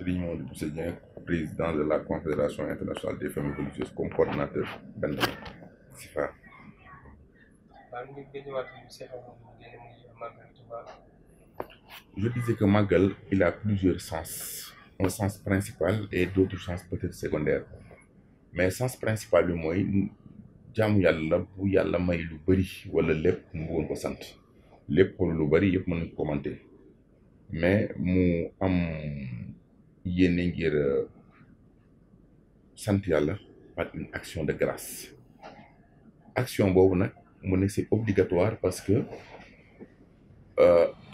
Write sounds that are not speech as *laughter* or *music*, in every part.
Serigne Modou Bousso président de la confédération internationale des familles religieuses comme coordonnateur benn SIFA. Je disais que Magal il a plusieurs sens un sens principal et d'autres sens peut-être secondaires mais sens principal bi mooy jaamu yàlla bu yàlla may lu bari wala lépp mu ko sant lépp xool lu bari yëpp mën nañ ko mais mu am. yéene ngir euh, sant yàlla par une action de grâce action boobu nag mu ne c'est obligatoire parce que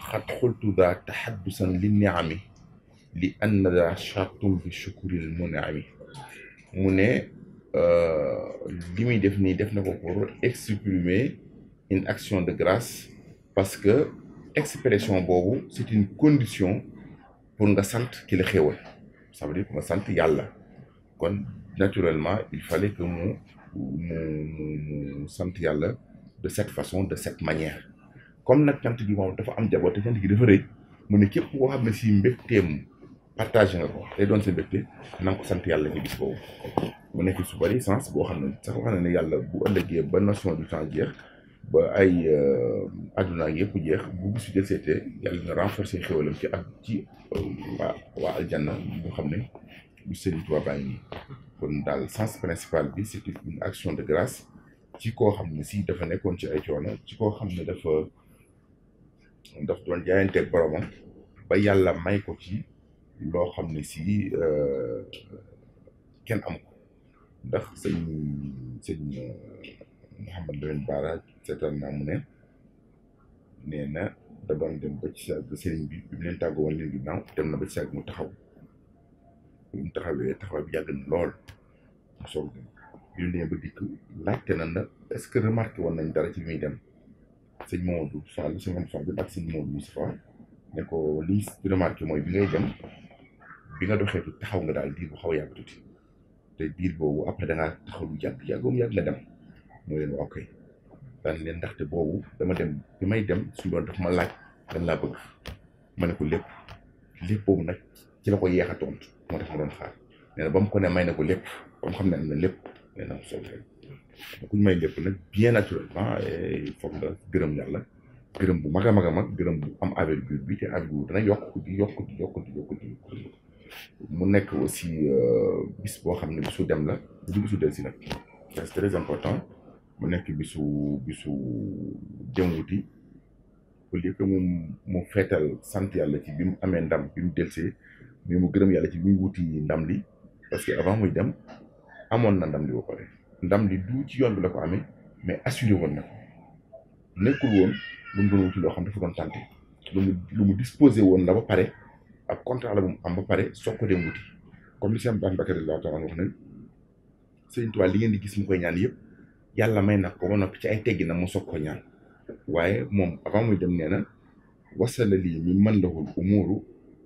xat euh, xultu daa taxaddusan li niami li ann daa chartum bi shukuril munami mu ne euh, li muy def nii def na ko pour exprimer une action de grace parce que expression boobu c'est une condition pour nga sant ki la xéewal ça veut dire nga sant yàlla kon naturellement il fallait que mu mu mu sant yàlla de cette façon de cette manière comme nag cant gi moom dafa am jaboot te cant gi dafa rëy mu ne képp koo xam ne si mbégteem partagé nga ko te doon se mbégte na ko sant yàlla ci bis boobu mu nekk su bari sens boo xam ne sax wax ne yàlla bu ëllëgee ba notion du temps jeex ba ay àdduna euh, yëpp jeex bu bis bi seetee yàlla na renforcer xéwalam ci ak ci euh, waa waa aljanna bu xam ne bu Sëriñ Tuubaa baa ngi kon daal sens principal bi c'est une action de grâce ci ko xam ne si dafa nekkoon ci ay coono ci koo xam ne dafa daf doon jaayanteeg boromam ba yàlla may ko ci loo xam ne si euh, kenn am ndax sëñ Mouhamed Lamine Bara seetaan naa mu ne nee na da doon dem ba ci saag sëriñ bi bi mu leen tàggoo woon leen ginnaaw dem na ba ci mu taxaw bi taxaw bi yàgg na lool soog dem bi mu nee ba na est-ce que remarqué woon nañ dara ci muy dem sëñ Maodo Fall sëñ Maodo Fall ak sëñ ko li remarqué mooy bi ngay dem bi nga doxee taxaw nga daal diir bu xaw a yàgg tuuti te diir boobu après da ngaa taxaw lu yàgg yàggoom yàgg nga dem. mu leen waa koy daan leen ndaxte boobu dama dem bi may dem suñu doon daf ma laaj lan laa bëgg ma ne ko lépp lépp nag ci la ko yeex a tontu moo tax ma doon xaar nee na ba mu ko ne may na ko lépp ba mu xam ne am na lépp nee ku may lépp nag bien naturellement eh, foog nga gërëm yàlla gërëm bu mag a mag mag gërëm bu am avergure bi te avergure dana yokk di yokk di mu nekk aussi euh, bis boo xam ne bisu dem la du bisu del si nag c'est très important mu nekk bisu bisu jënguti au lieu li mu mu feetal sant yàlla ci bi mu amee ndam bi mu delsee mais mu gërëm yàlla ci bi wuti ndam li parce que avant muy dem amoon na ndam li ba pare ndam li du ci yoon bi la ko amee mais assuré woon na ko nekkul woon lu mu doon loo xam dafa doon tànte lu mu lu mu disposé woon la ba pare ak contrat la bu mu am ba pare soog ko dem wuti comme li seen baan Bakary la wax nañ Sëriñ Tuubaa li ngeen di gis mu koy ñaan yëp yàlla may na ko ba noppi ci ay teggi na mu soog ko ñaan waaye moom avant muy dem nee na wasala lii mi mën lawul umuuru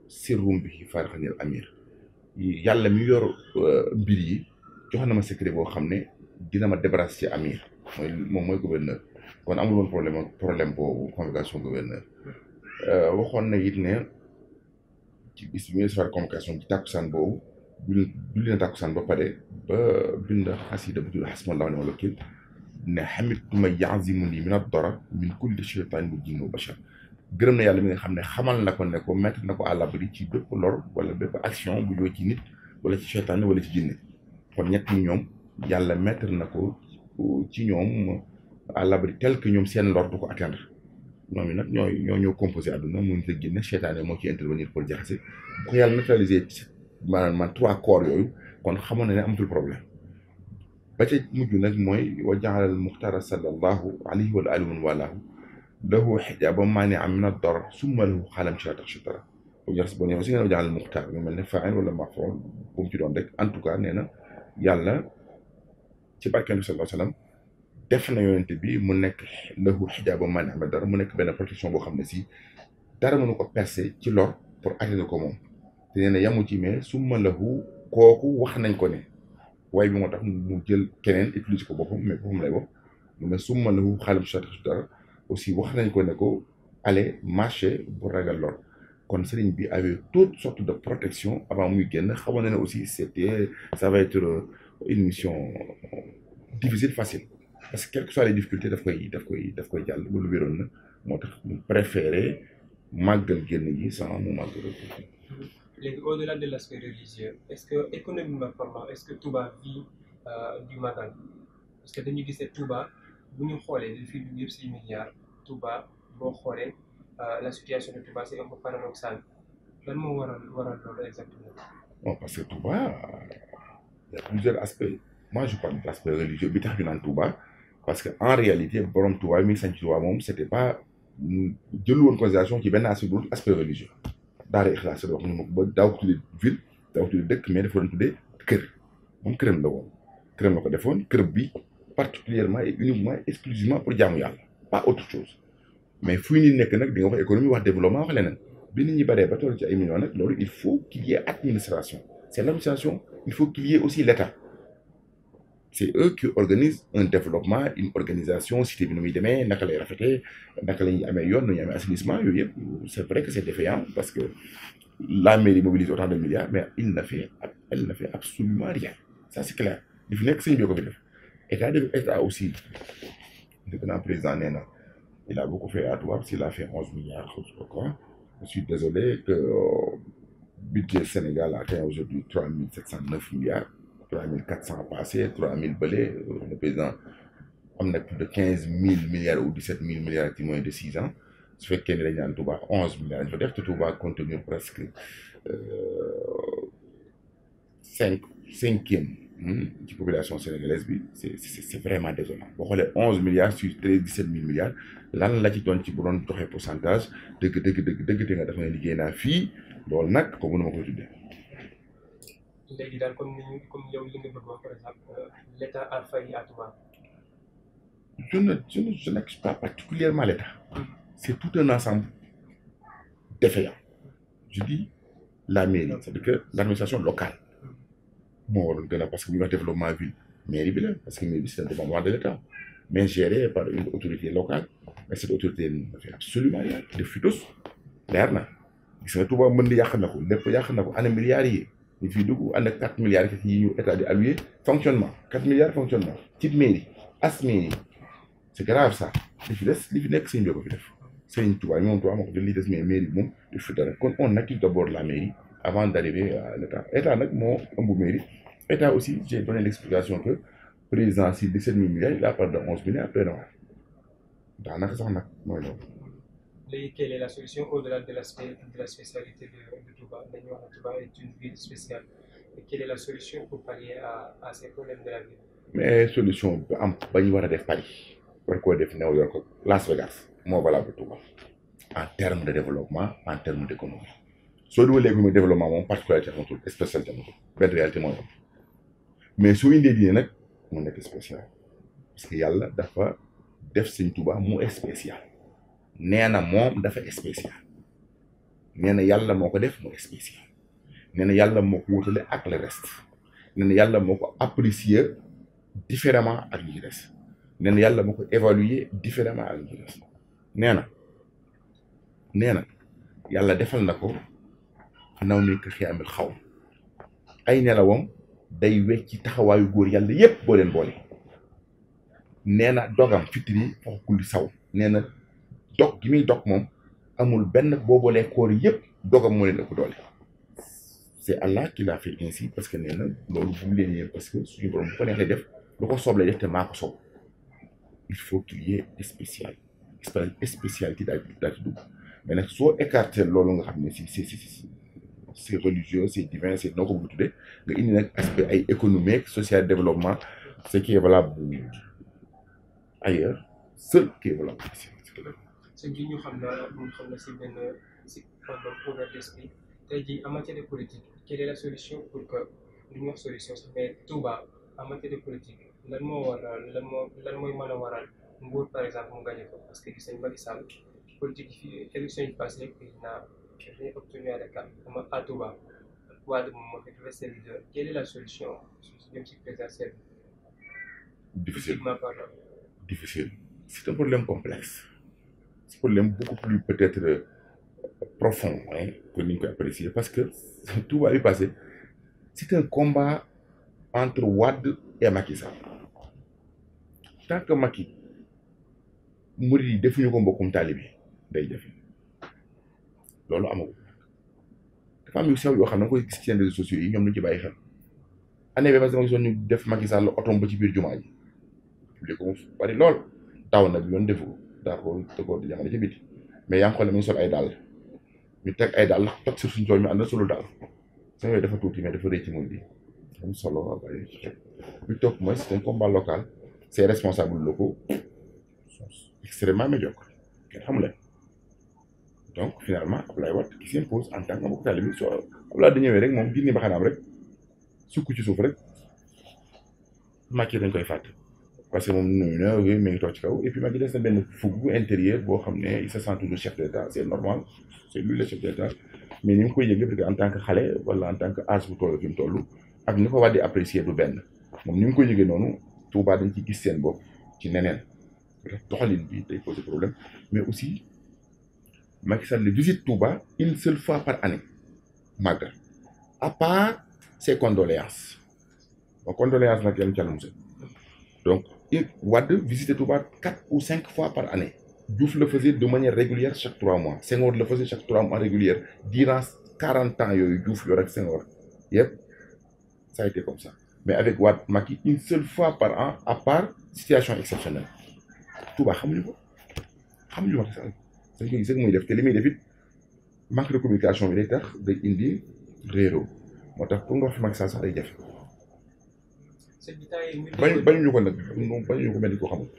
sirrum bi faraxanil amir yàlla mi yor euh, mbir yi jox na ma secret boo xam ne dina ma débarrasser ci amir moom mooy gouverneur kon woon problème problème boobu convocation gouverneur euh, waxoon na it ne ci bis bi ministre de la communication ci tàkkusaan boobu julli na tàkkusaan ba pare ba bind xasida bu ne xamituma yazimu nii mina dora min kulli cheytaan bu jinnu bachar gërëm na yàlla mi nga xam ne xamal na ko ne ko mettre na ko à l'abri ci bépp lor wala bépp action bu jóge ci nit wala ci cheytaan wala ci jinne kon ñett ñoom yàlla mettre na ko euh, ci ñoom à l'abri tel que ñoom seen lor du ko atteindre ñoom ñoo ñoo ñoo composé àdduna mu ngi génne cheytaane moo ci intervenir pour jaxase bu ko yàlla neutraliser maanaam man trois kon xamoon na ne amatul problème ba ca mujj nag mooy wa jaxalal muxtaara sallallahu alayhi wa alihi wa walaahu lahu xijaaba maania min ad-dar summa lahu xaalam ci la tax sutara boobu ñu boo nee aussi nga wa jaxalal muxtaar mu mel ne faa'il wala mafuul bu mu ci doon rek en tout cas nee na yàlla ci barkeel bi sallallahu alayhi wa sallam def na yonent bi mu nekk lahu xijaaba maania min ad-dar mu nekk benn protection boo xam ne si dara mënu ko percer ci lor pour arrêter ko moom te nee na yamu ci mais summa lahu kooku wax nañ ko ne. way bi moo tax mu jël keneen utiliser ko boppam mais boppam lay wax mu ne su ma xaalam su dara aussi wax nañ ko ne ko allez marché bu ragal lor kon sëriñ bi avait toute sorte de protection avant muy génn xamoon na ne aussi c'était ça va être euh, une mission difficile facile parce que quelles que soient les difficultés daf koy daf koy daf koy jàll loolu wéroon na moo tax mu préféré màggal génn gi sans mu màggal léegi au-delà de l'aspect religieux est-ce que économiquement parlant est-ce que Touba vit euh, du Magal parce que dañu gisee Touba bu ñu xoolee fi du si milliards Touba boo xoolee euh, la situation de Touba c'est un lan moo waral waral loolu exactement. bon parce que Touba a plusieurs aspects moi je parle de l'aspect religieux bi tax ñu naan Touba parce que en réalité borom Touba mi ngi sañ Touba moom c'était pas jël woon considération ci benn aspect aspect religieux. daara Ikhlaas la wax ñu ba daaw ko tuddee ville daaw ko tuddee dëkk mais dafa doon tuddee kër moom këram la woon këram la ko defoon kër bi particulièrement et uniquement exclusivement pour jaamu yàlla pas autre chose mais fu ñu nekk nag di nga wax économie wax développement wax leneen bi nit ñi baree ba toll ci ay millions nag loolu il faut qu'il y ait administration c'est l'administration il faut qu'il aussi l'État c'est eux qui organisent un développement une organisation cité bi nu muy demee naka lay rafetee naka la ñuy amee yoon nu ñuy amee assainissement yooyu yëpp c'est vrai que c'est défaillant parce que la mairie mobilise autant de milliards mais il n'a fait elle n'a fait absolument rien ça c'est clair li fi nekk sëñ bi ko de état aussi dëgg naa président nee na il a beaucoup fait à Touba a fait onze milliards je sais quoi je suis désolé que euh, budget Sénégal a atteint aujourd'hui trois mille sept cent neuf milliards trois mille quatre cent passé trois mille bële euh, le président am na plus de quinze mille milliards ou dix sept mille milliards ci moins de six ans su fekkee ne dañ naan Touba onze milliards dañ fa def te Touba contenir presque euh, cinq cinquième hmm, ci population sénégalaise bi c'est c'est vraiment désolant boo xoolee onze milliards sur treize dix sept mille milliards lan la ci doon ci bu doon joxe pourcentage dëgg dëgg dëgg dëgg te nga dafa ne liggéey naa fii loolu nag kooku mënuma koy tuddee léegi daal comme ni ñu comme yow li nga bëgg wax par exemple euh, l'état a failli à particulièrement l'état mm. c'est tout un ensemble défaillant je dis la mairie cest à l'administration locale mm. gën a parce que bu ñu wax développement ville mairie bi la parce que mairie bi c'est un de l'état mais géré par une autorité locale mais cette autorité ne fait absolument rien def fi tos leer na gis nga Touba mën na yàq na ko lépp yàq na ko année milliards yi ñu fiy dugg ànd ak 4 milliards yi ñu état di alloué fonctionnement 4 milliards fonctionnement ci mairie as mairie c'est grave ça li fi des li fi nekk sëñ bi ko fi moom Touba moo ko jël li des mais mairie moom du fi dara kon on active d'abord la mairie avant d'arriver à l'état nag moo ëmb mairie état aussi j'ai donné l'explication que président si 17 000 milliards il a parlé de 11 milliards après na daanaka sax nag léegi quelle est la solution au-delà de l'aspect de la mais solution bi am ba ñu war a def Paris war def New York Las Vegas moo valable Touba en terme de développement en terme d'économie soo dugalee économie développement moom particularité amatul spécialité amatul benn réalité mooy am mais soo indee diine nag mu nekk spécial parce que yàlla dafa def Sëñ Touba mu spécial. nee na moom dafa spécial nee yàlla moo ko def mu spécial nee yàlla moo ko wutale ak le reste nee yàlla moo ko apprécier différemment ak ñi des yàlla moo ko évaluer différemment ak ñi des nee na nee na yàlla defal na ko naw nekk bi xaw ay nelawam day wecci taxawaayu góor yàlla yépp boo leen boole nee na dogam fitri foofu kulli saw nee dog gi muy dog moom amul benn boobalee koor yëpp dogam moo leen ëpp doole c'est Allah qui l'a fait ainsi parce que nee na loolu bu mu leen yéen parce que suñu borom bu ko neexee def lu ko soob def te maa ko soob il faut qu'il y ait spécial spécialité daal daal dugg mais nag soo écarté loolu nga xam ne si si si si c'est religieux c'est divin noo ko bëgg tuddee nga indi nag aspect ay économique social développement ce qui est valable ailleurs seul qui est valable ici sa ji ñu xam naa bu ñu xam na si benn si problème ouvert d'esprit tey jii en matière de politique quelle est la solution pour que lu ñu wax solution sax mais Touba en matière de politique lan moo waral moo lan mooy mën a waral nguur par exemple mu gagné ko parce que gis nañ Macky Sall politique yi élection yi quelle est la solution su jëm si présidentielle difficile difficile c'est un problème complexe problème beaucoup plus peut-être euh, profond hein, que ni ñu koy apprécier parce que *laughs* tout a y passer c'est un combat entre Wade et Macky tant que Macky murid yi defuñu ko mbokkum taalib yi day jafe loolu amagul dafa am yu sew yoo xam ne da koy gis ci seen réseaux sociaux yi ñoom ñu ci bàyyi xel année bi parce que def Macky Sall otom ba ci biir jumaa ji ko mu lool taw na bi yoon defu d'accord te góor di jàngale ci biti mais yaa xool mi ngi sol ay dàll ñu teg ay dàll toj si suñu tool mi ànd solul dàll sa yooyu dafa tuuti mais dafa rëy ci moom bi am solo waaw lu topp mooy c'est un combat local ces responsables locaux sont extrêmement médiocres kenn xamu leen donc finalement Abdoulaye Wade qui s'impose en tant que mbokk taalibe bi soo a di ñëwee rek moom gis ni baxanaam rek sukk ci suuf rek Macky dañ koy fàtte. parce que moom nuyu na mi ngi toog ci kaw et puis Macky des na benn fougue intérieur boo xam ne il se sent toujours chef d' état c' est normal c' est lui le chef d' état mais ni mu koy yëg parce que en tant que xale wala en tant que âge bu toll fi mu ak ni ko war di apprécier du benn moom ni mu koy yëgee noonu Touba dañ ci gis seen bopp ci neneen doxalin bi day de problème mais aussi Macky Sall visite Touba une seule fois par année màggal à part ses condoléances bon condoléances nag Wade visitait Touba quatre ou cinq fois par année. Diouf la faisait de manière régulière chaque trois mois. Senghor le faisait chaque trois mois régulière. Durant 40 ans, il Diouf, il Senghor. Yep. Ça sa été comme ça. Mais avec Wad Maki, une seule fois par an, à part situation exceptionnelle. Touba, Hamilou. Hamilou, c'est-à-dire sa c'est que je fais des manque de communication, il est tard, il dit, réro. Moi, pour moi, je fais ça, ça, il est bañ bañuñu ko nag bañuñu ko mel ni ko xamul